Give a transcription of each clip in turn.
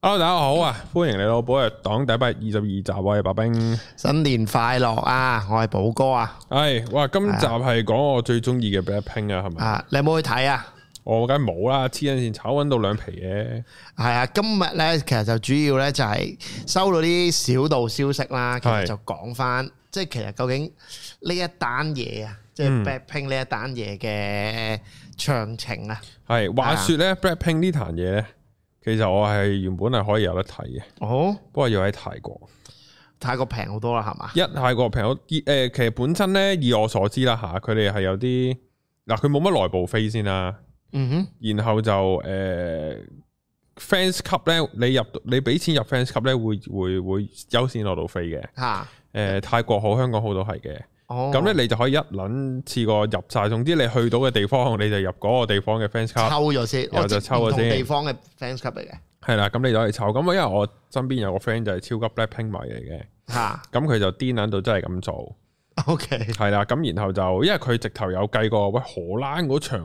hello，大家好啊！歡迎嚟到寶藥黨第一百二十二集，我係白兵。新年快樂啊！我係寶哥啊！係、哎、哇，今集係講我最中意嘅 Black Pink 啊，係咪啊？你有冇去睇啊？我梗冇啦，黐緊線炒兩，啊，搵到兩皮嘢。係啊，今日咧，其實就主要咧就係收到啲小道消息啦，其實就講翻，即係是其實究竟呢一單嘢啊，即、就、係、是、Black Pink 呢一單嘢嘅詳情啊。係、嗯、話說咧 Black Pink 呢壇嘢咧。嗯其實我係原本係可以有得睇嘅，哦，不過要喺泰國，泰國平好多啦，係嘛？一泰國平好多，誒，其實本身咧，以我所知啦吓，佢哋係有啲，嗱、啊，佢冇乜內部飛先啦，嗯哼，然後就誒、呃、fans club 咧，你入，你俾錢入 fans club 咧，會會會優先攞到飛嘅，吓、啊，誒，泰國好，香港好都係嘅。咁咧，哦、你就可以一輪次過入晒。總之你去到嘅地方，你就入嗰個地方嘅 fans 卡。抽咗先，我直接抽咗先。唔同地方嘅 fans 卡嚟嘅。係啦，咁你攞嚟抽。咁因為我身邊有個 friend 就係超級 blackpink 迷嚟嘅，嚇、啊。咁佢就癲撚到真係咁做。OK、啊。係啦，咁然後就因為佢直頭有計過，喂，荷蘭嗰場，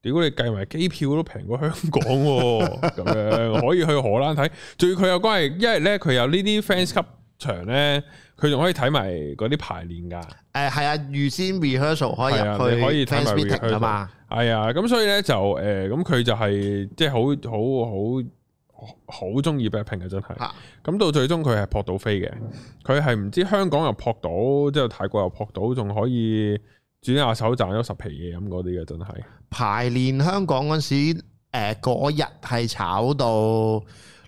屌你計埋機票都平過香港喎、啊，咁 樣可以去荷蘭睇。仲要，佢有關係，因為咧佢有呢啲 fans 卡。場咧，佢仲可以睇埋嗰啲排練噶。誒、呃，係啊，預先 rehearsal 可以去、啊，可以睇埋佢啊嘛。係啊，咁所以咧就誒，咁、呃、佢就係、是、即係好好好好中意 blackpink 嘅，真係。咁、啊、到最終佢係撲到飛嘅，佢係唔知香港又撲到，之後泰國又撲到，仲可以轉下手賺咗十皮嘢咁嗰啲嘅，真係。排練香港嗰時，誒、呃，嗰日係炒到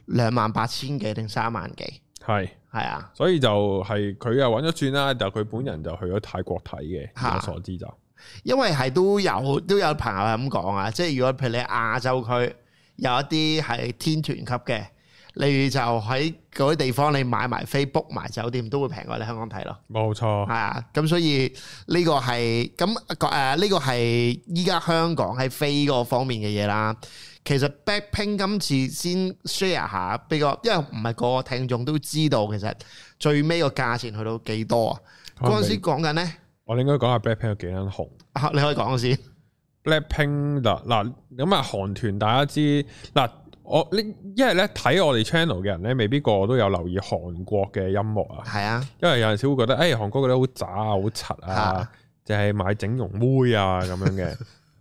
兩萬八千幾定三萬幾。係，係啊，所以就係佢又揾咗轉啦，但係佢本人就去咗泰國睇嘅，以我所知就，因為係都有都有朋友係咁講啊，即係如果譬如你亞洲區有一啲係天團級嘅，例如就喺嗰啲地方你買埋飛 book 埋酒店都會平過你香港睇咯，冇錯錯，係啊，咁所以呢個係咁誒，呢個係依家香港喺飛嗰方面嘅嘢啦。其實 Blackpink 今次先 share 下，比較，因為唔係個個聽眾都知道，其實最尾個價錢去到幾多啊？嗰陣可能 時講緊咧，我應該講下 Blackpink 幾撚紅啊？你可以講先。Blackpink 嗱，咁啊，韓團大家知嗱、啊，我呢一係咧睇我哋 channel 嘅人咧，未必個個都有留意韓國嘅音樂啊。係啊，因為有陣時會覺得誒，韓、哎、國覺得好渣啊，好柒啊，就係買整容妹啊咁樣嘅，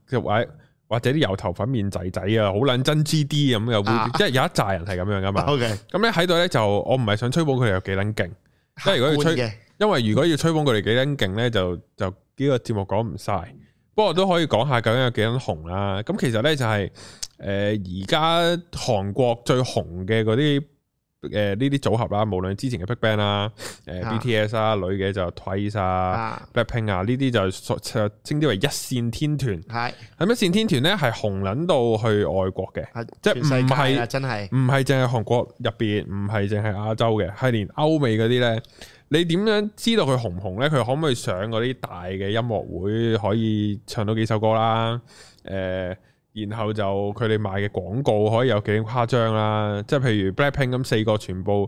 就位。或者啲油頭粉面仔仔啊，好捻真 G D 咁又會，啊、即係有一紮人係咁樣噶嘛。咁咧喺度咧就我唔係想吹捧佢哋有幾捻勁，即係如，如果要吹，因為如果要吹捧佢哋幾捻勁咧，就就呢個節目講唔晒。啊、不過都可以講下究竟有幾捻紅啦。咁其實咧就係誒而家韓國最紅嘅嗰啲。誒，呢啲，呃、組合啦，無論之前嘅 BigBang 啦，啊，誒、呃啊，BTS 啊，女嘅就 TWICE 啊，BLACKPINK 啊，呢啲，啊、就稱之為一線天團。係，啊，係咩線天團咧？係紅捻到去外國嘅，即係唔係真係唔係淨係韓國入邊，唔係淨係亞洲嘅，係連歐美嗰啲咧。你點樣知道佢紅唔紅咧？佢可唔可以上嗰啲大嘅音樂會，可以唱到幾首歌啦？誒、呃。然後就佢哋賣嘅廣告可以有幾誇張啦，即係譬如 Blackpink 咁四個全部，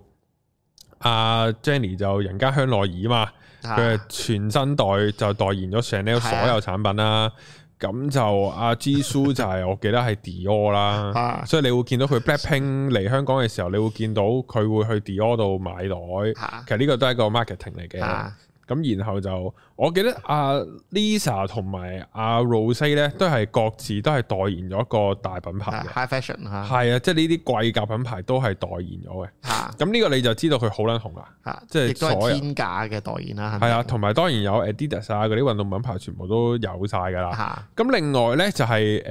阿、啊、Jennie 就人家香奈兒嘛，佢係、啊、全新代就代言咗 Chanel 所有產品啦。咁、啊、就阿、啊、Ji、就是、soo 就係我記得係 Dior 啦，啊、所以你會見到佢 Blackpink 嚟香港嘅時候，你會見到佢會去 Dior 度買袋，啊、其實呢個都係一個 marketing 嚟嘅。啊啊咁然後就，我記得阿 Lisa 同埋阿 Rose 咧，都係各自都係代言咗一個大品牌嘅，high fashion 嚇，係啊，即係呢啲貴格貴價品牌都係代言咗嘅，咁呢、啊、個你就知道佢好撚紅啦，嚇、啊，即係亦都係天價嘅代言啦，係啊，同埋的、嗯、當然有 Adidas 啊嗰啲運動品牌全部都有晒㗎啦，咁、啊、另外咧就係、是、誒、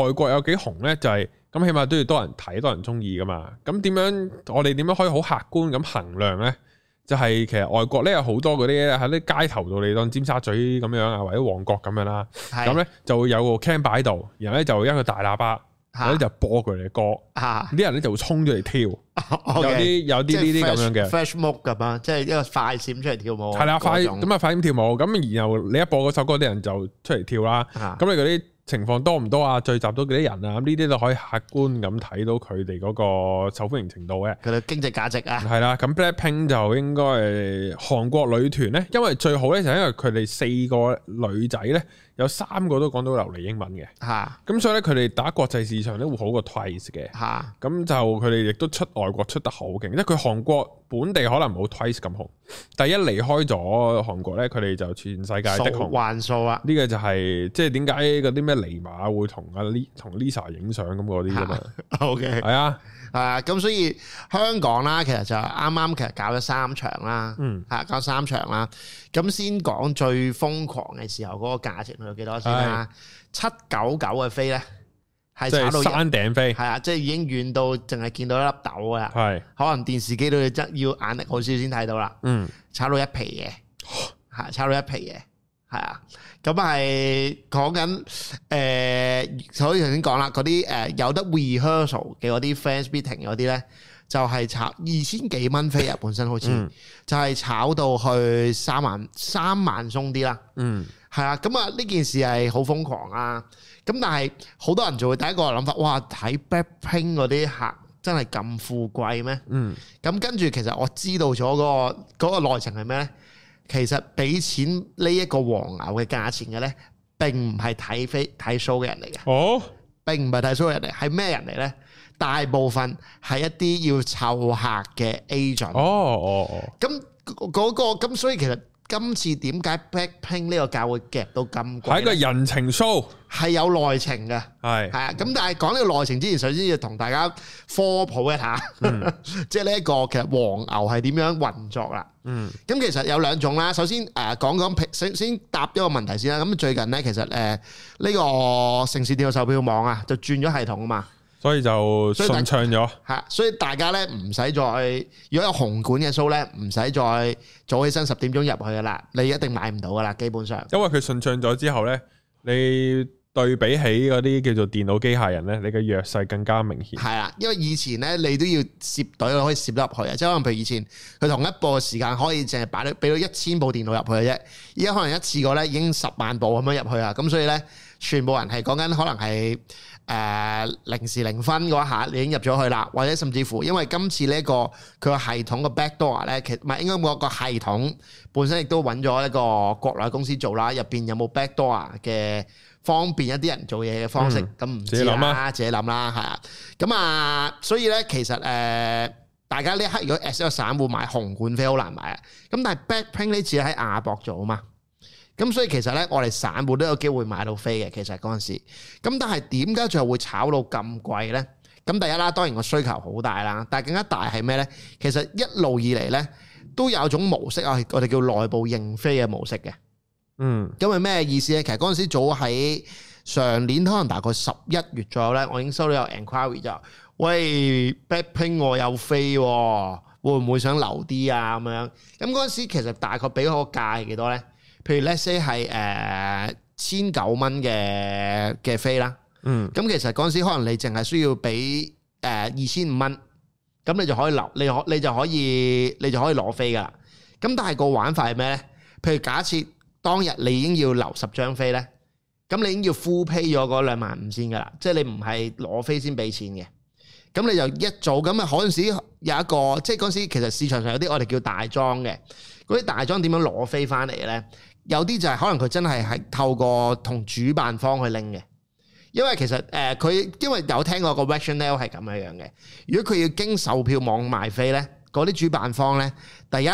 呃、外國有幾紅咧，就係、是、咁起碼都要多人睇、多人中意㗎嘛。咁點樣我哋點樣可以好客觀咁衡量咧？就係其實外國咧有好多嗰啲喺啲街頭度你當尖沙咀咁樣啊，或者旺角咁樣啦。咁咧是就會有個 cam 擺度，然後咧就一個大喇叭，有啲、啊、就播佢哋歌。嚇、啊！啲人咧就會衝咗嚟跳。有啲有啲呢啲咁樣嘅。flash mob 咁啊，okay, 即係一個快閃出嚟跳舞。係啦、啊，快咁啊，就係、快閃跳舞。咁然後你一播嗰首歌，啲人就出嚟跳啦。咁、啊、你啲情況多唔多啊？聚集到幾多人啊？咁呢啲就可以客觀咁睇到佢哋嗰個受歡迎程度嘅。佢哋經濟價值啊，係啦。咁 Blackpink 就應該係韓國女團呢，因為最好呢就係因為佢哋四個女仔呢。有三個都講到流利英文嘅，嚇咁、啊、所以咧佢哋打國際市場咧會好過 TWICE 嘅，嚇咁、啊、就佢哋亦都出外國出得好勁，因為佢韓國本地可能冇 TWICE 咁好。但一離開咗韓國咧，佢哋就全世界的紅，數還數啊！呢個就係即係點解嗰啲咩尼瑪會同阿 L 同 Lisa 影相咁嗰啲噶嘛？OK，係啊，係啊，咁、okay, 啊啊、所以香港啦，其實就啱啱其實搞咗三場啦，嗯，嚇、啊、搞三場啦，咁先講最瘋狂嘅時候嗰個價錢。有幾多先啊？嗯、七九九嘅飛咧，係炒到一山頂飛，係啊，即係已經遠到淨係見到一粒豆啊！係是，可能電視機都要執，要眼力好少先睇到啦。嗯，炒，炒到一皮嘢，吓炒到一皮嘢，係啊。咁係講緊誒，所以頭先講啦，嗰啲誒有得 rehearsal 嘅嗰啲 fans meeting 嗰啲咧，就係、是、炒二千幾蚊飛啊，本身好似、嗯、就係炒到去三萬三萬鬆啲啦。嗯。係啊，咁啊呢件事係好瘋狂啊，咁但係好多人就會第一個諗法，哇睇 Blackpink 嗰啲客真係咁富貴咩？嗯，咁跟住其實我知道咗嗰個嗰個內情係咩咧？其實俾錢呢一個黃牛嘅價錢嘅咧，並唔係睇飛睇 show 嘅人嚟嘅，哦，並唔係睇 show 嘅人嚟，係咩人嚟咧？大部分係一啲要湊客嘅 agent，哦哦哦，咁嗰個咁所以其實。今次點解 Blackpink 呢個價會夾到咁貴？喺一個人情 show，係有內情嘅。係係啊，咁、嗯、但係講呢個內情之前，首先要同大家科普一下，即係呢一個其實黃牛係點樣運作啦。嗯，咁其實有兩種啦。首先誒講講，先先答咗個問題先啦。咁最近咧，其實誒呢個城市電腦售票網啊，就轉咗系統啊嘛。所以就順暢咗吓，所以大家咧唔使再如果有紅館嘅 show 咧，唔使再早起身十點鐘入去噶啦，你一定買唔到噶啦，基本上。因為佢順暢咗之後咧，你對比起嗰啲叫做電腦機械人咧，你嘅弱勢更加明顯。係啦，因為以前咧，你都要攝隊可以攝得入去啊，即係可能譬如以前佢同一部時間可以淨係擺到俾到一千部電腦入去嘅啫，而家可能一次過咧已經十萬部咁樣入去啊，咁所以咧，全部人係講緊可能係。誒、呃、零時零分嗰一下，你已經入咗去啦，或者甚至乎，因為今次呢、這個佢個系統嘅 back door 咧，其唔係應該每個系統本身亦都揾咗一個國內公司做啦，入邊有冇 back door 嘅方便一啲人做嘢嘅方式，咁唔、嗯、知啦，自己諗啦，係啊，咁啊，所以咧其實誒、呃，大家呢刻如果作為散戶買紅館飛好難買啊，咁但係 Blackpink 呢次喺亞博做啊嘛。咁所以其實咧，我哋散戶都有機會買到飛嘅。其實嗰陣時，咁但係點解最後會炒到咁貴呢？咁第一啦，當然個需求好大啦。但更加大係咩呢？其實一路以嚟呢，都有種模式啊，我哋叫內部認飛嘅模式嘅。嗯，咁係咩意思呢？其實嗰陣時早喺上年，可能大概十一月左右呢，我已經收到有 enquiry 就：，喂 Blackpink 我有飛喎，會唔會想留啲啊？咁樣咁嗰陣時其實大概俾嗰個價係幾多呢？譬如 let's say 係誒千九蚊嘅嘅飛啦，嗯，咁其實嗰陣時可能你淨係需要俾誒二千五蚊，咁你就可以留，你可你就可以你就可以攞飛噶。咁但係個玩法係咩咧？譬如假設當日你已經要留十張飛咧，咁你已經要 full pay 咗嗰兩萬五先噶啦，即係你唔係攞飛先俾錢嘅。咁你就一早咁啊，嗰陣時有一個即係嗰陣時其實市場上有啲我哋叫大莊嘅，嗰啲大莊點樣攞飛翻嚟咧？有啲就係可能佢真係係透過同主辦方去拎嘅，因為其實誒佢因為有聽過個 rationale 係咁樣樣嘅。如果佢要經售票網賣飛呢，嗰啲主辦方呢，第一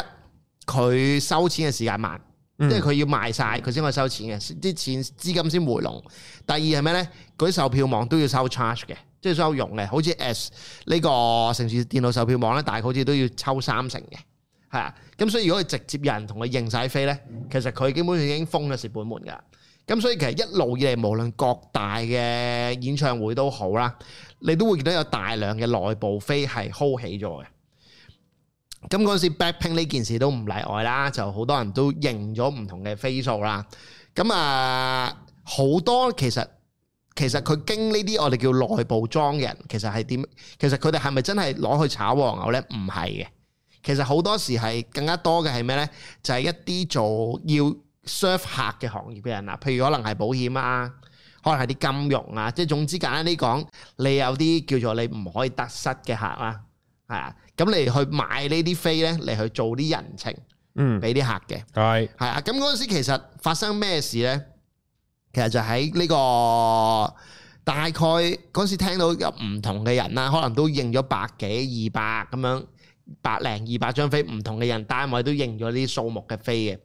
佢收錢嘅時間慢，嗯、即係佢要賣晒，佢先可以收錢嘅，啲錢資金先回籠。第二係咩呢？嗰啲售票網都要收 charge 嘅，即係收傭嘅，好似 S 呢個城市電腦售票網呢，大概好似都要抽三成嘅。係啊，咁所以如果佢直接有人同佢認晒飛咧，其實佢基本上已經封咗蝕本門噶。咁所以其實一路以嚟，無論各大嘅演唱會都好啦，你都會見到有大量嘅內部飛係 hold 起咗嘅。咁嗰陣時 blackpink 呢件事都唔例外啦，就好多人都認咗唔同嘅飛數啦。咁啊，好多其實其實佢經呢啲我哋叫內部莊嘅人，其實係點？其實佢哋係咪真係攞去炒黃牛咧？唔係嘅。其實好多時係更加多嘅係咩呢？就係、是、一啲做要 serve 客嘅行業嘅人啊，譬如可能係保險啊，可能係啲金融啊，即係總之簡單啲講，你有啲叫做你唔可以得失嘅客啊，係啊，咁你去買呢啲飛呢，你去做啲人情人，嗯，俾啲客嘅，係，係啊，咁嗰陣時其實發生咩事呢？其實就喺呢、這個大概嗰陣時聽到有唔同嘅人啦，可能都認咗百幾二百咁樣。百零二百張飛，唔同嘅人單位都認咗啲數目嘅飛嘅。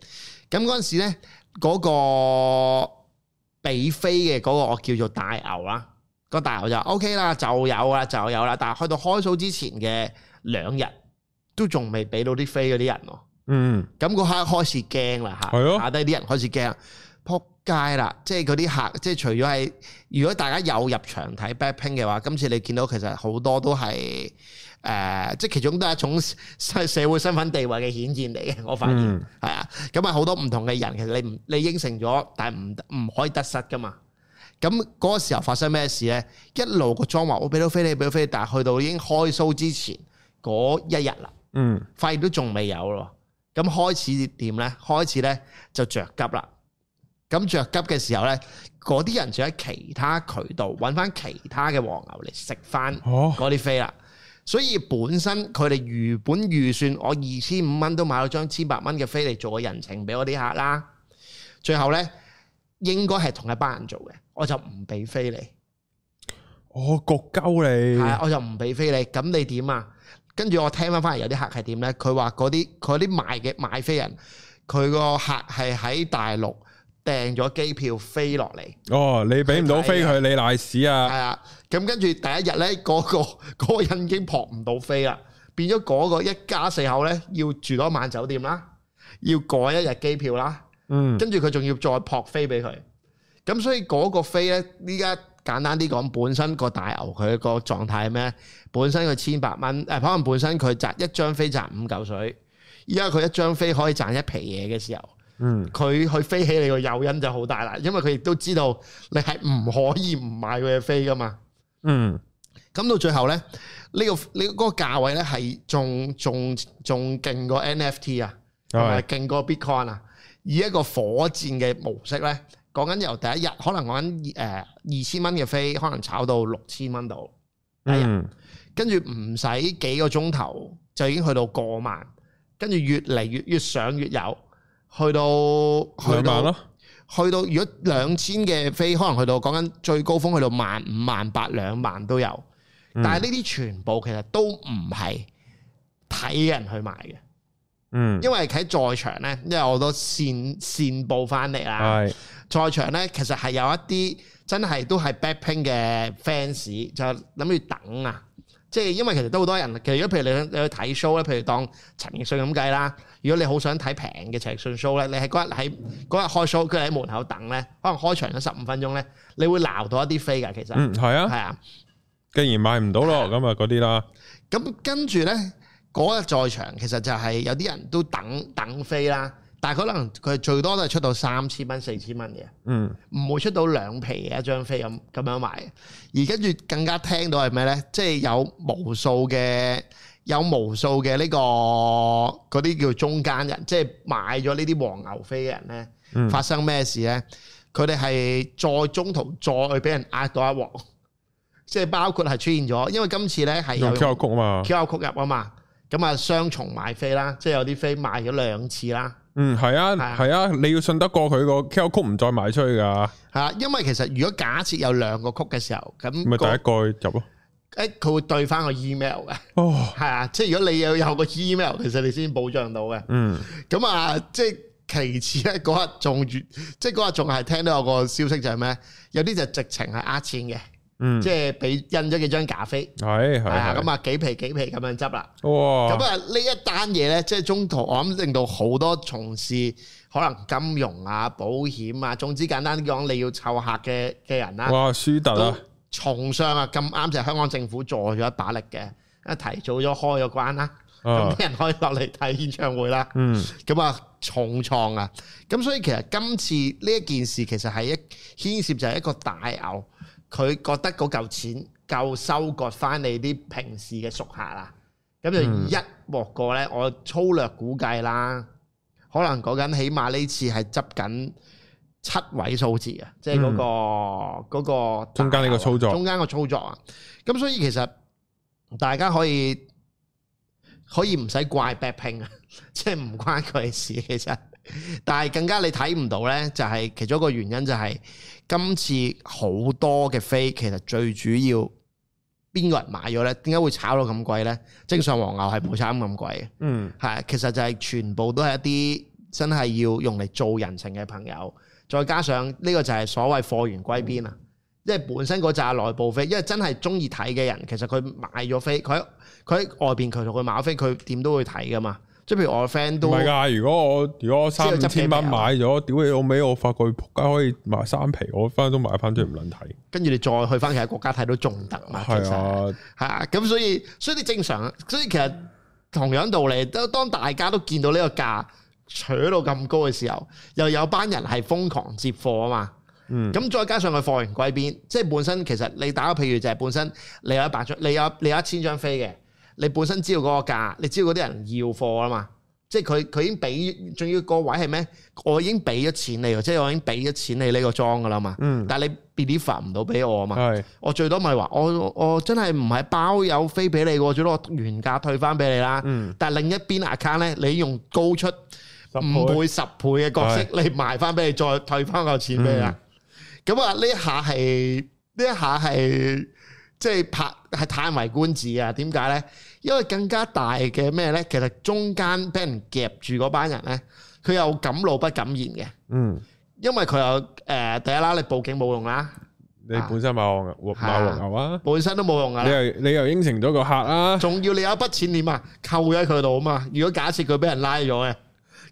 咁嗰陣時呢，嗰、嗰個俾飛嘅嗰個我叫做大牛啦。嗰個大牛就 OK 啦，就有啦，就有啦。但係去到開數之前嘅兩日，都仲未俾到啲飛嗰啲人咯。嗯。咁嗰刻開始驚啦嚇，對哦、下低啲人開始驚，撲街啦！即係嗰啲客，即係除咗係，如果大家有入場睇 blackpink 嘅話，今次你見到其實好多都係。誒、呃，即係其中都係一種社社會身份地位嘅顯現嚟嘅。我發現係啊，咁啊好多唔同嘅人，其實你唔你應承咗，但係唔唔可以得失㗎嘛。咁嗰個時候發生咩事呢？一路個裝潢，我俾到飛你，俾到飛但係去到已經開 show 之前嗰一日啦，嗯，發現都仲未有咯。咁開始點呢？開始呢就着急啦。咁着急嘅時候呢，嗰啲人就喺其他渠道揾翻其他嘅黃牛嚟食翻嗰啲飛啦。哦。所以本身佢哋原本預算，我二千五蚊都買咗張千百蚊嘅飛嚟做個人情俾我啲客啦。最後呢，應該係同一班人做嘅，我就唔俾飛你。我焗鳩你，我就唔俾飛你。咁你點啊？跟住我聽翻翻嚟，有啲客係點呢？佢話啲嗰啲賣嘅買飛人，佢個客係喺大陸。訂咗機票飛落嚟，哦，你俾唔到飛佢，你賴屎啊！係啊，咁跟住第一日呢，嗰個嗰個人已經撲唔到飛啦，變咗嗰個一家四口呢，要住多晚酒店啦，要改一日機票啦，嗯，跟住佢仲要再撲飛俾佢，咁所以嗰個飛呢，依家簡單啲講，本身個大牛佢個狀態咩？本身佢千八蚊，誒、呃，可能本身佢賺一張飛賺五嚿水，而家佢一張飛可以賺一皮嘢嘅時候。嗯，佢去飛起你個誘因就好大啦，因為佢亦都知道你係唔可以唔買佢嘅飛噶嘛。嗯，咁到最後咧，呢個呢嗰個價位咧係仲仲仲勁過 NFT 啊，仲勁過 Bitcoin 啊，以一個火箭嘅模式咧，講緊由第一日可能講緊誒二千蚊嘅飛，可能炒到六千蚊度，嗯，跟住唔使幾個鐘頭就已經去到過萬，跟住越嚟越越上越有。去到去到去到，如果兩千嘅飛，可能去到講緊最高峰，去到萬五萬八兩萬都有。但係呢啲全部其實都唔係睇人去買嘅。嗯，因為喺在，在場呢，因為我都線線報翻嚟啦。係，是在場呢，其實係有一啲真係都係 blackpink 嘅 fans，就諗住等啊。即係因為其實都好多人，其實如果譬如你你去睇 show 咧，譬如當陳奕迅咁計啦，如果你好想睇平嘅陳奕迅 show 咧，你係嗰日喺嗰日開 show，佢喺門口等咧，可能開場咗十五分鐘咧，你會撈到一啲飛㗎。其實嗯，係啊，係啊，啊既然買唔到咯，咁啊嗰啲啦，咁跟住咧嗰日在場，其實就係有啲人都等等飛啦。但係可能佢最多都係出到三千蚊、四千蚊嘅，嗯，唔會出到兩皮嘅一張飛咁咁樣賣。而跟住更加聽到係咩呢？即係有無數嘅有無數嘅呢個嗰啲叫中間人，即係買咗呢啲黃牛飛嘅人呢，發生咩事呢？佢哋係再中途再俾人壓到一鑊，即係包括係出現咗，因為今次呢係有 Q 曲嘛，Q 曲入啊嘛，咁啊雙重買飛啦，即係有啲飛賣咗兩次啦。嗯，係啊，係啊，啊你要信得過佢個 QR code 唔再賣出去噶、啊。係、啊、因為其實如果假設有兩個曲嘅時候，咁、那、咪、個、第一個入咯。誒，佢會對翻個 email 嘅。哦，係啊，即係如果你有有個 email，其實你先保障到嘅。嗯。咁、嗯、啊，即係其次咧，嗰日仲即係嗰日仲係聽到有個消息就係咩？有啲就直情係呃錢嘅。嗯，即係俾印咗幾張假飛，係係，咁啊、嗯、幾皮幾皮咁樣執啦。哇！咁啊呢一單嘢咧，即、就、係、是、中途我諗令到好多從事可能金融啊、保險啊，總之簡單啲講，你要湊客嘅嘅人啦、啊。哇！舒特啊，重創啊，咁啱就係香港政府助咗一把力嘅，因提早咗開咗關啦，咁啲、啊、人可以落嚟睇演唱會啦。嗯，咁啊、嗯、重創啊，咁所以其實今次呢一件事其實係一牽涉就係一個大牛。佢覺得嗰嚿錢夠收割翻你啲平時嘅熟客啦，咁就一鑊過咧。我粗略估計啦，可能講緊起碼呢次係執緊七位數字啊，嗯、即係嗰個嗰個中間呢個操作，中間個操作啊。咁所以其實大家可以可以唔使怪 BLACKPINK 啊，即係唔關佢事其實。但係更加你睇唔到呢，就係其中一個原因就係今次好多嘅飛，其實最主要邊個人買咗呢？點解會炒到咁貴呢？正常黃牛係唔會咁貴。嗯，係其實就係全部都係一啲真係要用嚟做人情嘅朋友，再加上呢個就係所謂貨源歸邊啊？因為本身嗰紮內部飛，因為真係中意睇嘅人，其實佢買咗飛，佢佢喺外邊佢同佢買咗飛，佢點都會睇噶嘛。即係譬如我嘅 friend 都唔係噶，如果我如果三五千蚊買咗，屌你老味，我發覺仆街可以買三皮，我翻都買翻出嚟唔撚睇。跟住、嗯、你再去翻其他國家睇都仲得嘛？係啊，吓咁、嗯、的所以所以啲正常，所以其實同樣道理，都當大家都見到呢個價取到咁高嘅時候，又有班人係瘋狂接貨啊嘛。嗯，咁再加上佢貨源歸邊，即係本身其實你打個譬如就係本身你有一百張，你有，你有，你，有你有一千張飛嘅。你本身知道嗰個價，你知道嗰啲人要貨啊嘛？即係佢佢已經俾，仲要個位係咩？我已經俾咗錢你，即係我已經俾咗錢你呢個裝㗎喇嘛。嗯、但係你 believe 唔到俾我啊嘛。嗯、我最多咪話，我我真係唔係包有飛俾你，最多我原價退翻俾你啦。嗯、但係另一邊 account 咧，你用高出五倍十倍嘅角色，嗯、你賣翻俾你，再退翻個錢俾你。咁啊、嗯，呢、嗯、一下係呢一下係。即係拍係歎為觀止啊！點解咧？因為更加大嘅咩咧？其實中間俾人夾住嗰班人咧，佢又敢怒不敢言嘅。嗯，因為佢又誒第一啦，你報警冇用啦。你本身馬航牛啊，啊，本身都冇用啊。你又你又應承咗個客啦，啊，仲要你有一筆錢點啊？扣喺佢度啊嘛！如果假設佢俾人拉咗嘅，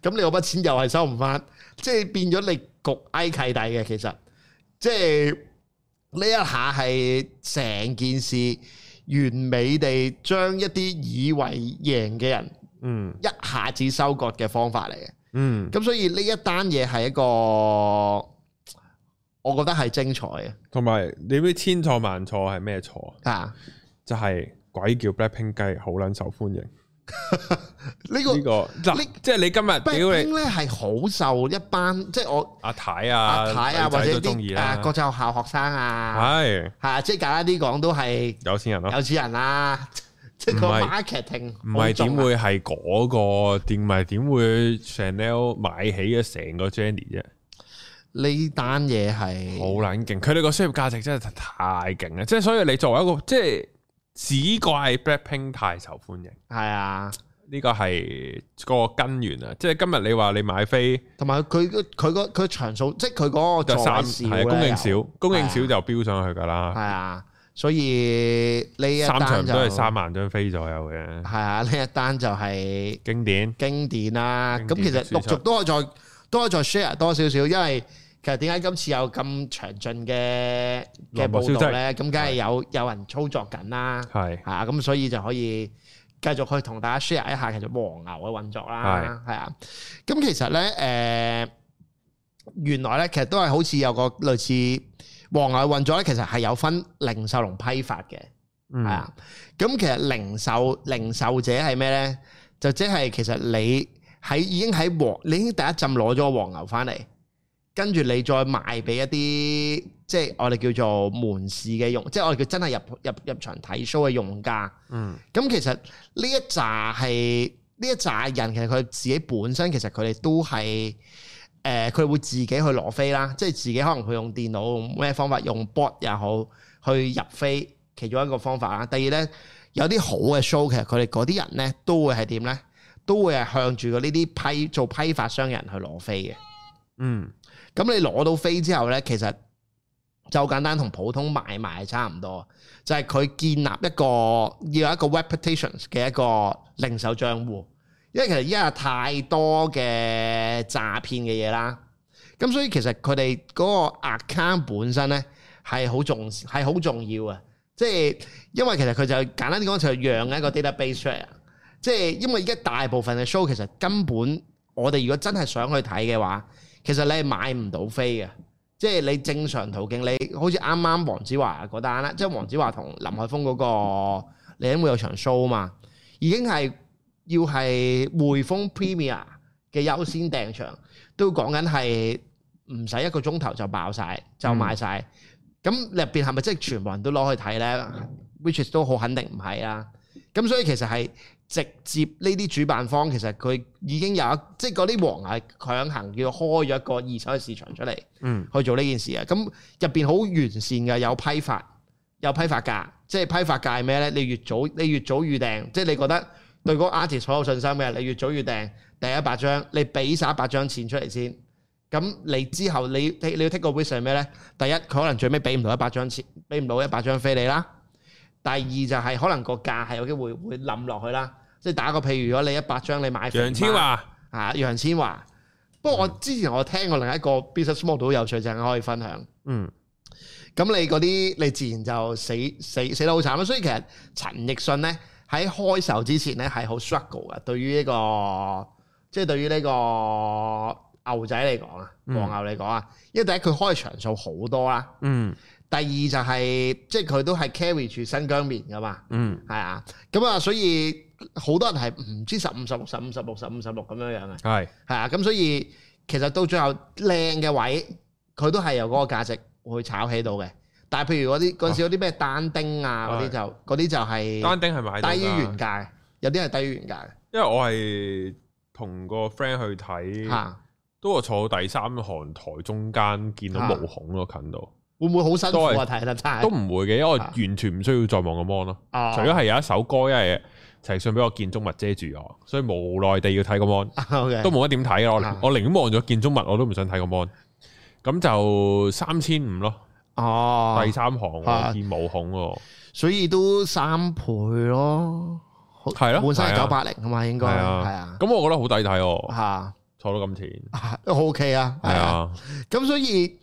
咁你有筆錢又係收唔翻，即係變咗你焗捱契弟嘅。其實即係。呢一下係成件事完美地將一啲以為贏嘅人，嗯，一下子收割嘅方法嚟嘅，嗯。咁所以呢一單嘢係一個，我覺得係精彩嘅。同埋你知唔知千錯萬錯係咩錯啊？就係鬼叫 Black pink 雞好撚受歡迎。呢個呢個即係你今日，畢竟咧係好受一班，即係我阿太啊，阿太啊，或者啲誒國際學校學生啊，係吓，即係簡單啲講，都係有錢人咯，有錢人啦，即係個 marketing 唔係點會係嗰個店，唔係點會 Chanel 買起嘅成個 Jennie 啫？呢單嘢係好撚勁，佢哋個商業價值真係太勁啦！即係所以你作為一個即係。只怪 blackpink 太受歡迎，係啊，呢個係個根源啊！即係今日你話你買飛，同埋佢佢佢個佢場數，即係佢嗰個在少、啊，供應少，供應少就飆上去㗎啦。係啊，所以呢一單都係三萬張飛左右嘅。係啊，呢一單就係、啊就是、經典經典啦。咁其實陸續都可以再都可以再 share 多少少，因為，其實點解今次有咁詳盡嘅嘅報道咧？咁梗係有有人操作緊啦。係啊，咁所以就可以繼續去同大家 share 一下其實黃牛嘅運作啦。係啊，咁其實咧誒，原來咧其實都係好似有個類似黃牛運作咧，其實係有分零售同批發嘅。係啊，咁其實零售零售商者係咩咧？就即係其實你喺已經喺黃，你已經第一浸攞咗個黃牛翻嚟。跟住你再賣俾一啲，即係我哋叫做門市嘅用，即係我哋叫真係入入入場睇 show 嘅用家。嗯，咁其實呢一紮係呢一紮人，其實佢自己本身其實佢哋都係，誒、呃、佢會自己去攞飛啦，即係自己可能佢用電腦咩方法用 board 又好去入飛，其中一個方法啦。第二咧，有啲好嘅 show 其實佢哋嗰啲人咧都會係點咧，都會係向住呢啲批做批發商嘅人去攞飛嘅。嗯。咁你攞到飛之後呢，其實就簡單同普通買賣差唔多，就係佢建立一個要有一個 reputation 嘅一個零售賬戶，因為其實而家有太多嘅詐騙嘅嘢啦，咁所以其實佢哋嗰個 account 本身呢係好重係好重要啊。即係因為其實佢就簡單啲講就係讓一個 database 出嚟，啊。即係因為而家大部分嘅 show 其實根本我哋如果真係想去睇嘅話，其實你係買唔到飛嘅，即係你正常途徑，你好似啱啱黃子華嗰單啦，即係黃子華同林海峰嗰個，你應該會有場 show 啊嘛，已經係要係匯豐 Premier 嘅優先訂場，都講緊係唔使一個鐘頭就爆晒，就買晒。咁入邊係咪即係全部人都攞去睇咧？Which is 都好肯定唔係啦，咁所以其實係。直接呢啲主辦方其實佢已經有，一，即係嗰啲黃牙強行要開咗一個二手嘅市場出嚟，嗯、去做呢件事啊！咁入邊好完善嘅，有批發，有批發價，即係批發價係咩咧？你越早你越早預訂，即係你覺得對嗰個 artist 好有信心嘅，你越早預訂，訂一百張，你俾晒一百張錢出嚟先。咁你之後你，你你要 take a 個 risk 係咩咧？第一，佢可能最尾俾唔到一百張錢，俾唔到一百張飛你啦。第二就係可能個價係有機會會冧落去啦，即係打個譬如，如果你一百張你買，楊千嬅啊，楊千嬅。嗯、不過我之前我聽過另一個 business model 好有趣，陣間可以分享。嗯。咁你嗰啲你自然就死死死得好慘啦。所以其實陳奕迅咧，喺開售之前咧係好 struggle 嘅，對於呢個即係、就是、對於呢個牛仔嚟講啊，黃、嗯、牛嚟講啊，因為第一佢開場數好多啦。嗯。第二就係、是、即係佢都係 carry 住新疆棉㗎嘛，嗯，係啊，咁啊，所以好多人係唔知十五、十六是、十五、十六、十五、十六咁樣樣嘅，係係啊，咁所以其實到最後靚嘅位佢都係由嗰個價值去炒起到嘅，但係譬如嗰啲嗰時有啲咩單丁啊嗰啲就嗰啲是就係單丁係咪低於原價，有啲係低於原價嘅。因為我係同個 friend 去睇，都係是坐第三行台中間，見到毛孔咯，近到。會唔會好辛苦都唔會嘅，因為完全唔需要再望個 mon 咯。除咗係有一首歌，一係齊上俾我建築物遮住我，所以無奈地要睇個 mon。都冇一點睇，我我寧願望咗建築物，我都唔想睇個 mon。咁就三千五咯。哦，第三行見毛孔，所以都三倍咯。係咯，換晒九八零啊嘛，應該係啊。咁我覺得好抵睇哦。吓，坐到咁前，都 OK 啊。係啊。咁所以。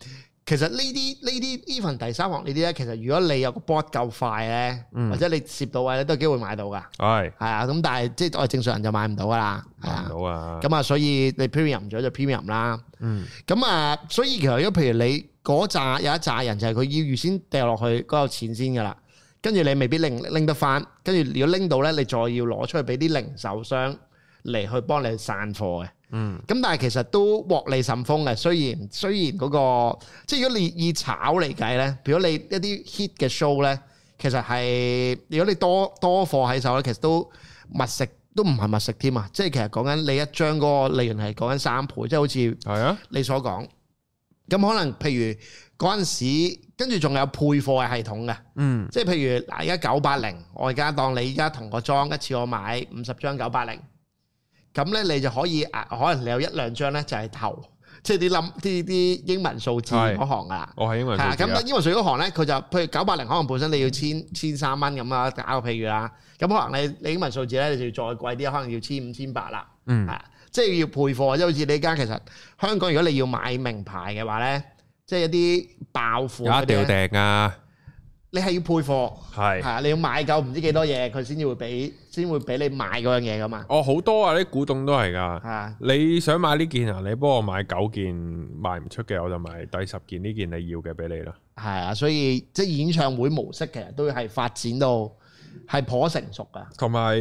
其實呢啲呢啲 e 第三方呢啲咧，其實如果你有個 bot 夠快咧，嗯、或者你攝到位咧，都有機會買到噶。係係啊，咁但係即係我哋正常人就買唔到噶啦。買唔到啊！咁啊，所以你 premium 咗就 premium 啦。嗯。咁啊，所以其實如果譬如你嗰扎有一扎人就係佢要預先掉落去嗰個錢先噶啦，跟住你未必拎拎得翻，跟住如果拎到咧，你再要攞出去俾啲零售商。嚟去幫你散貨嘅，嗯，咁但係其實都獲利甚豐嘅。雖然雖然嗰、嗰個，即係如果你以炒嚟計呢，譬如你一啲 hit 嘅 show 呢，其實係如果你多多貨喺手呢，其實都密食都唔係密食添啊！即係其實講緊你一張嗰個利潤係講緊三倍，啊、即係好似係啊你所講。咁可能譬如嗰陣時，跟住仲有配貨嘅系統嘅，嗯，即係譬如嗱，而家九八零，我而家當你而家同我裝一次，我買五十張九八零。咁咧，你就可以啊，可能你有一兩張咧，就係投，即係啲諗啲啲英文數字嗰行啊。我係英文數字。咁英文數字嗰行咧，佢就譬如九百零，可能本身你要千千三蚊咁啊，搞個譬如啦。咁可能你你英文數字咧，你就要再貴啲，可能要千五千八啦。嗯。啊，即係要配貨，即好似你而家其實香港，如果你要買名牌嘅話咧，即係一啲爆款嗰啲一定訂啊！你係要配貨，係係的你要買夠唔知幾多嘢，佢先至會俾先會俾你買嗰樣嘢噶嘛？哦，好多啊！啲古董都係㗎，的你想買呢件啊？你幫我買九件賣唔出嘅，我就賣第十件呢件要你要嘅俾你啦。係啊，所以即係演唱會模式其實都係發展到係頗成熟噶。同埋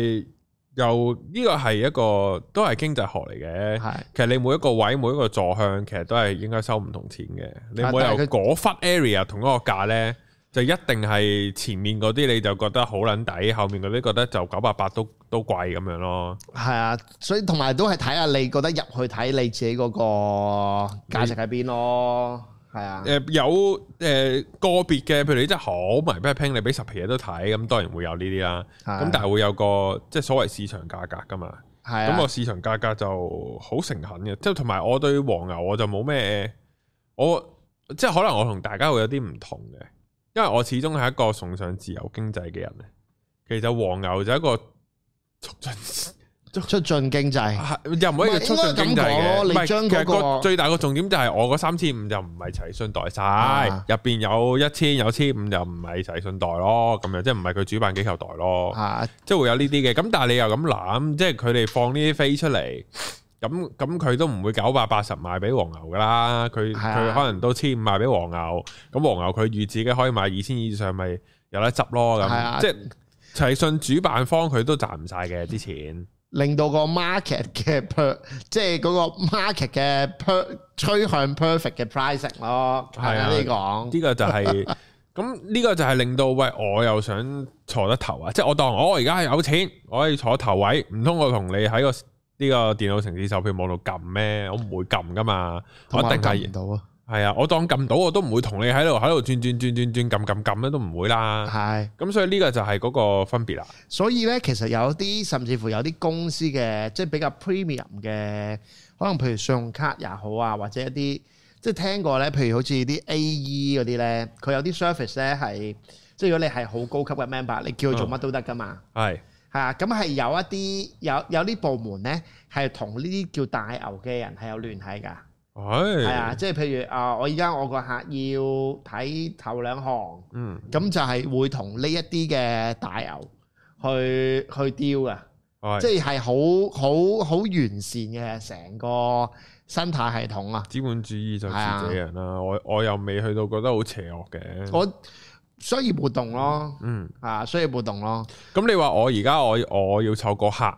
又呢個係一個都係經濟學嚟嘅。係的其實你每一個位，每一個坐向，其實都係應該收唔同錢嘅。你冇由嗰忽 area 同一個價咧。就一定係前面嗰啲，你就覺得好撚抵；後面嗰啲覺得就九百八都都貴咁樣咯。係啊，所以同埋都係睇下你覺得入去睇你自己嗰個價值喺邊咯。係你啊，誒、呃、有誒、呃、個別嘅，譬如你真係好埋 Blackpink，你俾十皮嘢都睇，咁、嗯、當然會有呢啲啦。咁、啊、但係會有個即係、就是、所謂市場價格㗎嘛。係咁、啊、個市場價格就好誠懇嘅，即係同埋我對黃牛我就冇咩，我即係可能我同大家會有啲唔同嘅。因為我始終係一個崇尚自由經濟嘅人咧，其實黃牛就係一個促進促促進經濟、啊，又唔可以促進經濟嘅。唔係、那個，其實個最大個重點就係我嗰三千五就唔係齊信代晒，入邊、啊、有一千有千五就唔係齊信代咯，咁樣即係唔係佢主辦機構代咯，即係、啊、會有呢啲嘅。咁但係你又咁諗，即係佢哋放呢啲飛出嚟。咁，咁佢都唔會九百八十賣俾黃牛㗎啦，佢佢可能都千五賣俾黃牛，咁黃牛佢預自己可以賣二千以上，咪有得執咯咁，啊。即係齊信主辦方佢都賺唔晒嘅啲錢，令到個 market 嘅即係嗰個 market 嘅 p 趨向 perfect 嘅 pricing 咯。係 啊，呢講呢個就係咁，呢個就係令到喂，我又想坐得頭啊！即係我當我而家係有錢，我可以坐頭位，唔通我同你喺個。呢個電腦城市售票網絡撳咩？我唔會撳噶嘛，我一定撳唔到。係啊，我當撳到我都唔會同你喺度喺度轉轉轉轉轉撳撳撳咧，都唔會啦。係是。咁所以呢個就係嗰個分別啦。所以咧，其實有啲甚至乎有啲公司嘅，即係比較 premium 嘅，可能譬如信用卡也好啊，或者一啲即係聽過咧，譬如好似啲 AE 嗰啲咧，佢有啲 service 咧係，即係如果你係好高級嘅 member，你叫佢做乜都得噶嘛。係、嗯。係啊，咁係有一啲有有啲部門咧，係同呢啲叫大牛嘅人係有聯繫㗎。係是，係啊，即係譬如啊、呃，我而家我個客要睇頭兩行，嗯，咁就係會同呢一啲嘅大牛去去雕㗎。是即係係好好好完善嘅成個生態系統啊。資本主義就係自己人啦，啊、我我又未去到覺得好邪惡嘅。我需要活動咯，嗯啊，商業活動咯。咁、嗯、你話我而家我我要炒個客，咁、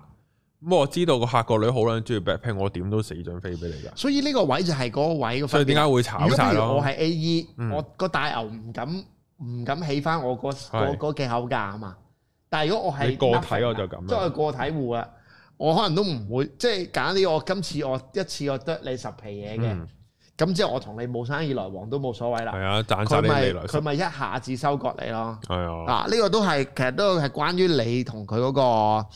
嗯、我知道個客個女好撚中意 blackpink 我點都死張飛俾你噶。所以呢個位就係嗰個位，所以點解會炒晒？我係 AE，、嗯、我個大牛唔敢唔敢起翻我,、嗯、我個我個嘅口價啊嘛。是但係如果我係個體，我就咁，即係個體戶啦，我可能都唔會即係揀啲我今次我一次我得你十皮嘢嘅。嗯咁即係我同你冇生意來往都冇所謂啦。係啊，賺佢咪佢咪一下子收割你咯。係、哎、呦啊。嗱，呢個都係其實都係關於你同佢嗰個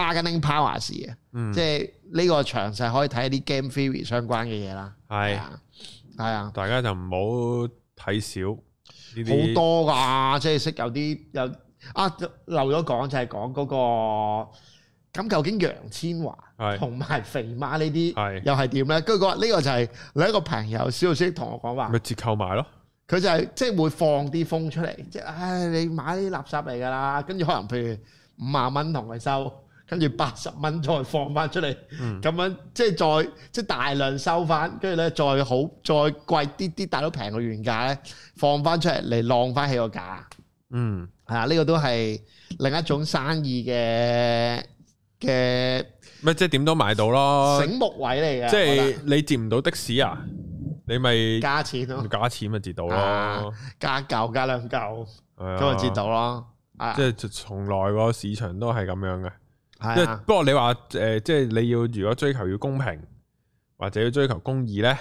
bargaining powers 嘅、嗯。即係呢個詳細可以睇一啲 game theory 相關嘅嘢啦。係是。係啊，啊大家就唔好睇少。好多㗎，即係識有啲有啊漏咗講就係講嗰個咁究竟楊千嬅。同埋肥媽呢啲又係點呢？跟住我呢個就係另一個朋友，小老師同我講話，咪折扣賣咯。佢就係即係會放啲風出嚟，即係唉，你買啲垃圾嚟噶啦。跟住可能譬如五萬蚊同佢收，跟住八十蚊再放翻出嚟，咁、嗯、樣即係再即係、就是、大量收翻，跟住呢再好再貴啲啲，但都平過原價呢，放翻出嚟嚟浪翻起個價。嗯，啊呢、這個都係另一種生意嘅。嘅，咩的即係點都買到咯？醒目位嚟嘅，即係你接唔到的士啊？你咪加錢咯。啊，加錢咪接到咯，啊，加嚿加兩嚿咁咪接到咯。即係從來個市場都係咁樣嘅。即係，哎，呀不過你話誒，呃，即係你要如果追求要公平或者要追求公義咧？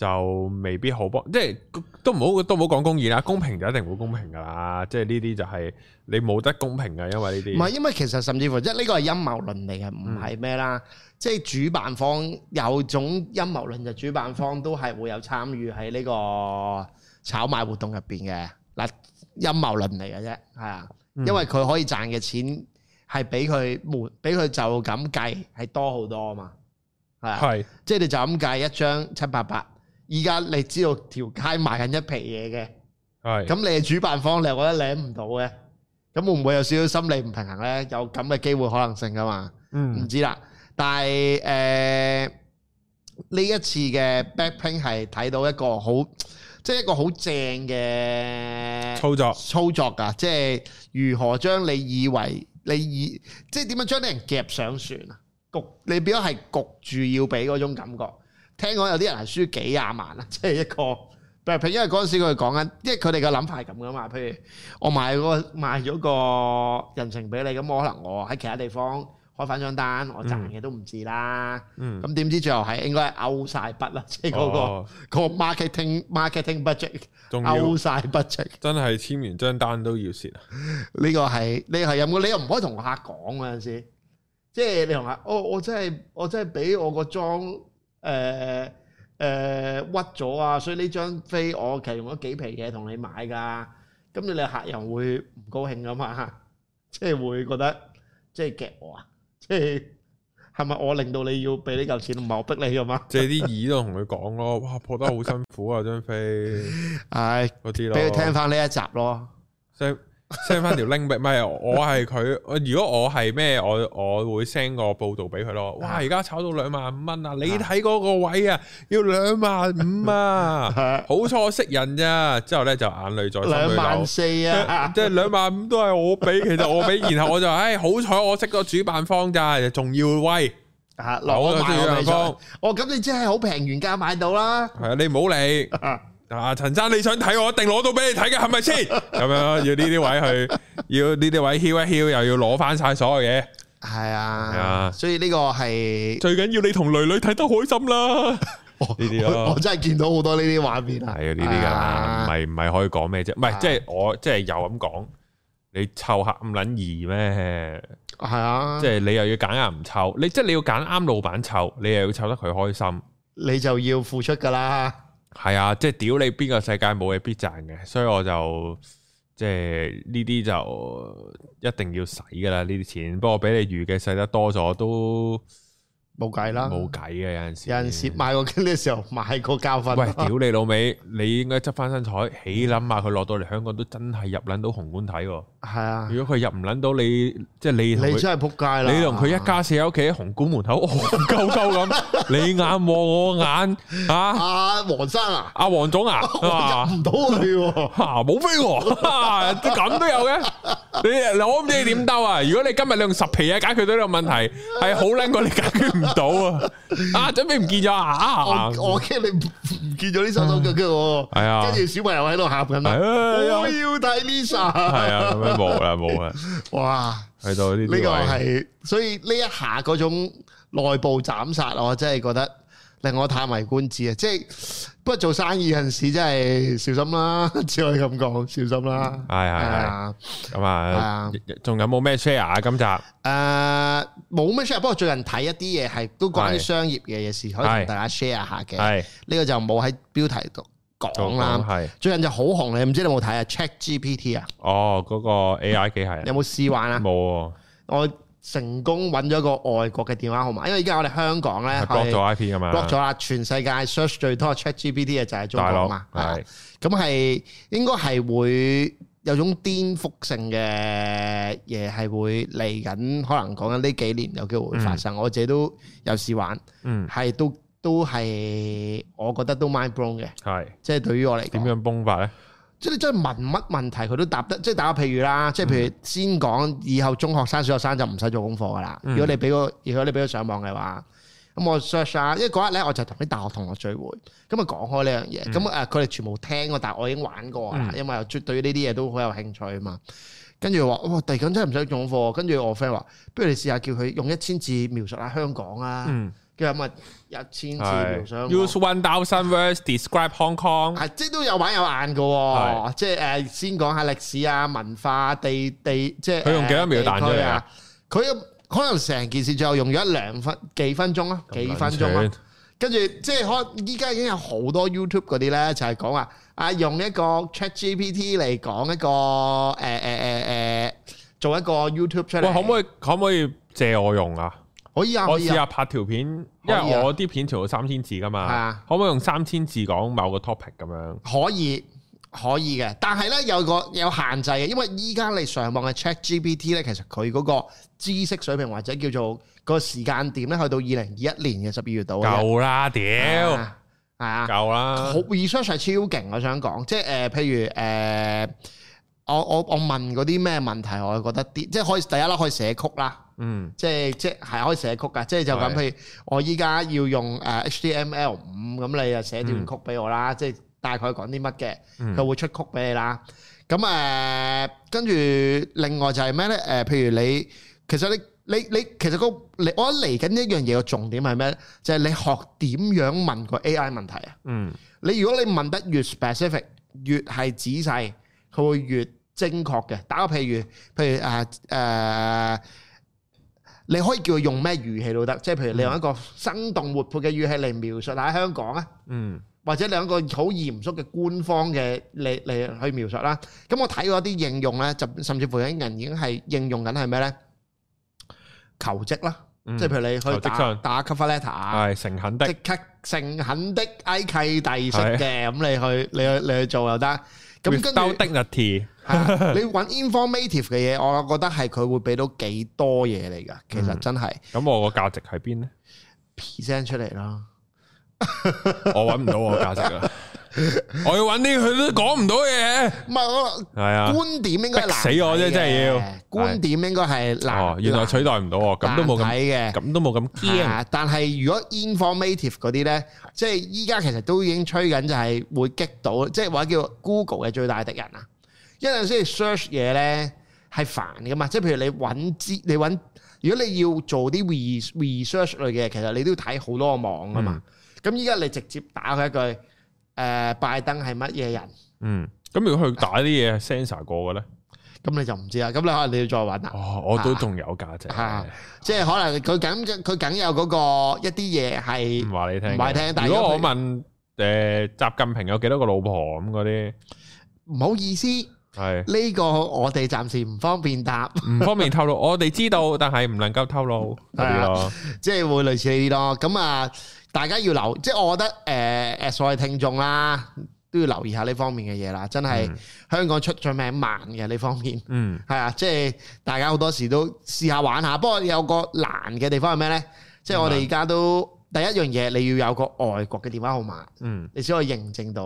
就未必好幫，即係都唔好都唔好講公義啦，公平就一定會公平噶啦，即係呢啲就係你冇得公平嘅，因為呢啲唔係因為其實甚至乎即係呢個係陰謀論嚟嘅，唔係咩啦，即係主辦方有種陰謀論，就主辦方都係會有參與喺呢個炒賣活動入邊嘅，嗱，陰謀論嚟嘅啫，係啊，因為佢可以賺嘅錢係畀佢冇畀佢就咁計係多好多啊嘛，係啊，即係你就咁計一張七百八。依家你知道條街賣緊一皮嘢嘅，咁是你嘅主辦方，你又覺得領唔到嘅，咁會唔會有少少心理唔平衡呢？有咁嘅機會可能性㗎嘛？唔、嗯、知啦。但係誒呢一次嘅 blackpink 係睇到一個好，即、就、係、是、一個好正嘅操作操作㗎，即係、就是、如何將你以為你以即係點樣將啲人夾上船啊？焗你變咗係焗住要俾嗰種感覺。聽講有啲人係輸幾廿萬啦，即係一個，因為嗰陣時佢哋講緊，因為佢哋個諗法係咁噶嘛。譬如我賣個賣咗個人情俾你，咁我可能我喺其他地方開翻張單，我賺嘅都唔知啦。咁點、嗯嗯嗯、知最後係應該 out 晒曬筆啦，即係嗰個，哦，個 marketing marketing budget out 晒 budget 要。勾筆真係簽完張單都要蝕啊！呢個係你係有冇？你又唔可以同客講嗰陣時，即係你同客、哦，我真我真係我真係俾我個裝。誒誒、呃呃、屈咗啊！所以呢張飛我其實用咗幾皮嘢同你買噶，咁你哋客人會唔高興啊嘛？即係會覺得即係夾我，啊？即係係咪我令到你要俾呢嚿錢，唔係我逼你啊嘛？借啲耳都同佢講咯，哇破得好辛苦啊！張飛，唉，我知咯，俾佢聽翻呢一集咯。send 翻條 link 俾，唔係我係佢。如果我係咩，我我會 send 個報道俾佢咯。哇，而家炒到兩萬五蚊啊！你睇嗰個位啊，要兩萬五啊。好彩識人咋，之後咧就眼淚再流兩萬四啊，即係兩萬五都係我俾，其實我俾。然後我就話，唉，好彩我識個主辦方咋，仲要威啊。好啊，主辦方。我咁你真係好平原價買到啦。係啊，你唔好嚟。阿陳、啊、生，你想睇我，一定攞到俾你睇嘅，係咪先？咁 樣要呢啲位去，要呢啲位囂一囂，又要攞翻晒所有嘢。係啊，啊所以呢個係最緊要，你同女女睇得開心啦。呢啲我、啊、我，我真係見到好多呢啲畫面。係啊，呢啲噶，唔係可以講咩啫？唔係，即係、啊、我即係又咁講，你湊下咁撚易咩？係啊，即係你又要揀硬唔湊，你即係、就是、你要揀啱老闆湊，你又要湊得佢開心，你就要付出噶啦。係啊，即係屌你邊個世界冇嘢必賺嘅，所以我就即係呢啲就一定要使噶啦，呢啲錢，不過比你預嘅使得多咗都。冇計啦，冇計啊！有陣時，有陣時買個經嘅時候買個教訓。喂，屌你老味，你應該執翻身材身彩起諗下，佢落到嚟香港都真係入捻到紅館睇喎。係啊，如果佢入唔捻到你，即係你你真係扑街啦！你同佢一家四口企喺紅館門口戇鳩鳩咁，你眼望我眼啊！阿黃生啊，阿、啊、黃總啊，入唔到你啊，冇、啊、飛喎、啊，咁、啊、都、啊、有嘅。你我唔知你點兜啊！如果你今日你用十皮嘢解決到呢個問題，係好捻過你解決唔到啊！啊，準備唔見咗啊！我驚你唔見咗呢首歌㗎喎，係啊，跟住，哎、呀小朋友喺度喊緊啦！哎、呀我要睇 Lisa。係啊，冇啦，冇啦！哇，喺度呢個係，所以呢一下嗰種內部斬殺，我真係覺得。令我嘆為觀止啊！即係不過做生意陣時，真係小心啦，只可以咁講，小心啦。係係係，咁啊，仲有冇咩 share 啊？今集誒，冇咩 share。不過最近睇一啲嘢係都關啲商業嘅嘢事，是可以同大家 share 下嘅。係呢是個就冇喺標題度講啦。係是最近就好紅，你唔知你有冇睇啊 Chat GPT 啊？哦，嗰、那個 AI 機械 有冇試玩啊？冇有。我。成功揾咗個外國嘅電話號碼，因為而家我哋香港咧 lock 咗 IP 㗎嘛，lock 咗啦。全世界 search 最多 ChatGPT 嘅就係中國嘛，係。咁係應該係會有種顛覆性嘅嘢係會嚟緊，可能講緊呢幾年有機會發生。我自己都有試玩，嗯，係都都係我覺得都 mind blown 嘅，係。即係對於我嚟講，點樣崩發咧？即係你真係問乜問題佢都答得，即係打個譬如啦，即係譬如先講以後中學生、小學生就唔使做功課噶啦、嗯。如果你俾個，如果你俾佢上網嘅話，咁我 search 下，因為嗰日咧我就同啲大學同學聚會，咁啊講開呢樣嘢，咁啊佢哋全部聽過，但係我已經玩過啦，嗯、因為我對呢啲嘢都好有興趣啊嘛。跟住話哇，突然間真係唔使做功課。跟住我 friend 話，不如你試下叫佢用一千字描述下香港啊。嗯。佢係一千字描述？Use one thousand words describe Hong Kong。係， 即係都有玩有眼嘅喎。是即係誒、呃，先講下歷史啊、文化、啊、地地，即係。佢、呃、用幾多秒彈出啊？佢可能成件事最後用咗一兩分幾分鐘啊，幾分鐘啊。跟住即係可，依家已經有好多 YouTube 嗰啲咧，就係、是、講話啊，用一個 Chat GPT 嚟講一個誒誒誒誒，做一個 YouTube 出嚟、呃。可唔可以可唔可以借我用啊？可以啊！我試下拍條片，啊、因為我啲片條到三千字噶嘛，啊、可唔可以用三千字講某個 topic 咁樣？可以，可以嘅，但係咧有個有限制嘅，因為依家你上網嘅 ChatGPT 咧，其實佢嗰個知識水平或者叫做個時間點咧，去到二零二一年嘅十二月度，夠啦，了，屌係啊，夠啦，好，research 係超勁，我想講，即係誒、呃，譬如誒。呃我我我問嗰啲咩問題，我係覺得啲即係可以第一粒可以寫曲啦，嗯，即係即係係可以寫曲噶，即係就咁。譬如我依家要用誒 HTML 五，咁你就寫段曲俾我啦，即係大概講啲乜嘅，佢、嗯、會出曲俾你啦。咁誒，跟、呃、住另外就係咩咧？誒、呃，譬如你其實你你你其實、個嚟我嚟緊一樣嘢嘅重點係咩？就係、係、你學點樣問個 AI 問題啊？嗯，你如果你問得越 specific，越係仔細，佢會越正確嘅，打個譬如，譬如誒誒、啊啊，你可以叫佢用咩語氣都得，即係譬如你用一個生動活潑嘅語氣嚟描述下香港啊，嗯，或者兩個好嚴肅嘅官方嘅嚟嚟去描述啦。咁我睇過啲應用咧，就甚至乎有啲人已經係應用緊係咩咧？求職啦，即係譬如你去打、嗯、可以打 cover letter，係誠懇的，即刻誠懇的 IQ 第式嘅，咁是你去你去你去，你去做又得，咁跟住。你搵 informative 嘅嘢，我覺得係佢會俾到幾多嘢嚟噶。其實真係。咁我個價值喺邊呢 p e 出嚟咯。我搵唔到我個價值啊！我要搵啲佢都講唔到嘢，唔係我係啊。觀點應該難死我啫，真係要觀點應該係嗱。原來取代唔到，咁都冇咁睇嘅，咁都冇咁。但係如果 informative 嗰啲咧，即係依家其實都已經吹緊，就係會激到，即係或者叫 Google 嘅最大敵人啊！因為即係 search 嘢咧係煩噶嘛，即係譬如你揾知你揾，如果你要做啲 research 類嘅，其實你都要睇好多個網噶嘛。咁依家你直接打佢一句，誒拜登係乜嘢人？嗯，咁如果佢打啲嘢 sensor 過嘅咧，咁你就唔知啦。咁你可能你要再揾啦。哦，我都仲有價值。嚇，即係可能佢梗佢梗有嗰個一啲嘢係話你聽，話你聽。但如果我問誒習近平有幾多個老婆咁嗰啲，唔好意思。係呢是個我哋暫時唔方便答，唔方便透露。 我哋知道，但係唔能夠透露，係咯。啊，能即係會類似呢啲咯。咁啊，大家要留，即係我覺得誒誒、呃，所謂聽眾啦都要留意下呢方面嘅嘢啦。真係、嗯、香港出咗名慢嘅呢方面，嗯，係啊，即係大家好多時都試下玩下。不過有個難嘅地方係咩咧？即係我哋而家都、嗯、第一樣嘢，你要有個外國嘅電話號碼，嗯，你先可以認證到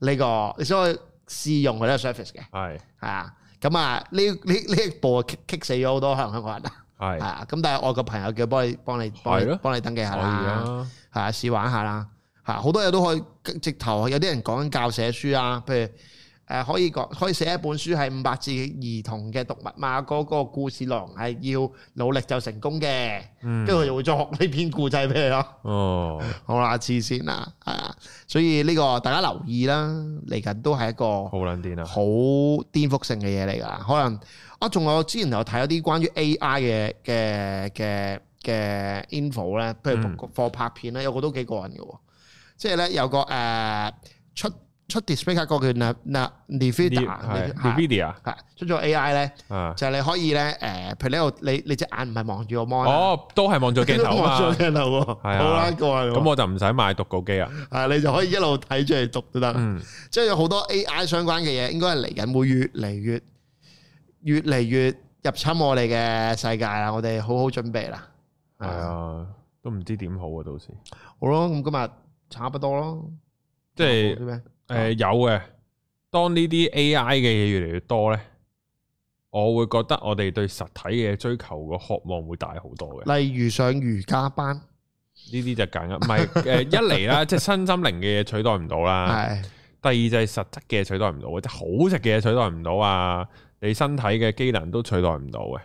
呢、這個，你先可以。試用佢呢個 surface 嘅，係啊，咁啊，呢呢呢一步啊，激死咗好多香香港人是啊，係啊，咁但係外國朋友叫幫你，幫你，啊、幫你，登記下啦，係啊，啊，試玩下啦，吓、啊、好多嘢都可以直頭，有啲人講緊教寫書啊，譬如。誒、啊、可以講可以寫一本書係五百字兒童嘅讀物嘛？嗰、啊、個故事狼係要努力就成功嘅，跟住佢就會再學呢篇故仔俾你咯。哦，好啦，黐線啦，係啊，所以呢、這個大家留意啦，嚟緊都係一個好撚癲啊，好顛覆性嘅嘢嚟㗎。可能我仲、啊、有之前有睇一啲關於 AI 嘅嘅嘅嘅 info 咧，in fo, 譬如同個、嗯、拍片咧，有個都幾過癮嘅喎，即係咧有個誒、呃、出。出 display 卡，嗰個叫嗱嗱 Nvidia，Nvidia，出咗 AI 咧，就係你可以咧，誒，譬如呢度，你你隻眼唔係望住個 mon，哦，都係望住鏡頭啦，望住鏡頭，係啊，咁我就唔使買讀稿機啊，啊，你就可以一路睇住嚟讀都得，即係有好多 AI 相關嘅嘢，應該係嚟緊會越嚟越，越嚟越入侵我哋嘅世界啦，我哋好好準備啦，係啊，都唔知點好啊，到時，好咯，咁今日差不多咯，即係。誒、呃，有嘅。當呢啲 AI 嘅嘢越嚟越多咧，我會覺得我哋對實體嘅追求個渴望會大好多嘅。例如上瑜伽班，呢啲就簡單。唔係誒，一嚟啦，即係身心靈嘅嘢取代唔到啦。係。 第二就係實質嘅取代唔到嘅，即係好食嘅取代唔到啊！你身體嘅機能都取代唔到嘅。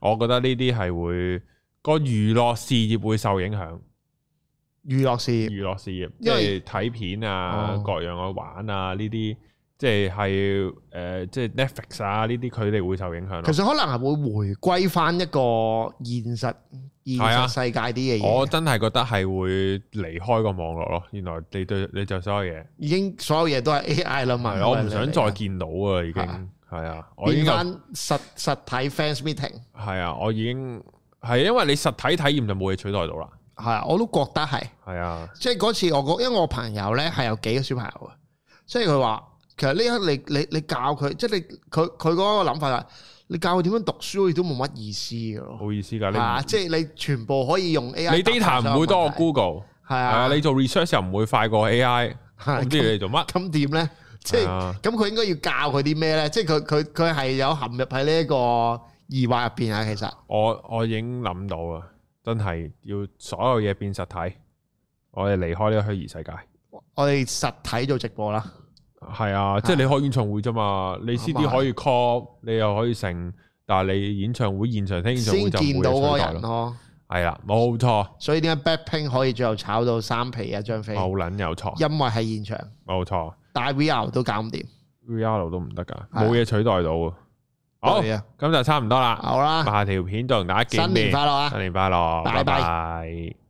我覺得呢啲係會個娛樂事業會受影響。娛樂事，事業，娛樂事業，即係睇片啊，哦、各樣嘅玩啊，呢啲即係誒，即係、呃、Netflix 啊，呢啲佢哋會受影響。其實可能係會回歸翻一個現實，現實世界啲嘢啊。我真係覺得係會離開個網絡咯。原來你對你就所有嘢，已經所有嘢都係 AI 啦埋，啊。我唔想再見到啊，已經係啊。啊我變翻實實體 fans meeting。係啊，我已經係因為你實體體驗就冇嘢取代到啦。係，我都覺得係。係啊，即係嗰次我講，因為我朋友咧係有幾個小朋友啊，即係佢話其實呢刻你你你教佢，即係你佢佢嗰個諗法就係，你教佢點樣讀書都冇乜意思嘅咯，冇意思㗎。你，即係你全部可以用 A I。你 data 唔會多過 Google。係啊，你做 research 又唔會快過 A I。跟住你做乜？咁點咧？即係咁佢應該要教佢啲咩咧？即係佢佢佢係有陷入喺呢一個疑惑入邊啊。其實我我已經諗到啦。真係要所有嘢變實體，我哋離開呢個虛擬世界。我哋實體做直播啦。係啊，即係你開演唱會啫嘛，你 CD 可以 call 你又可以成，但係你演唱會現場聽演唱會就見到個人咯。係啦，啊，冇錯。所以點解 blackpink 可以最後炒到三皮一張飛？冇捻有錯。因為係現場。冇錯。但係 vr 都搞唔掂，vr 都唔得噶冇嘢取代到。好啊，咁就差唔多啦，好啦吧，下條片再同大家見面，新年快樂啊，新年快樂，拜拜。拜拜。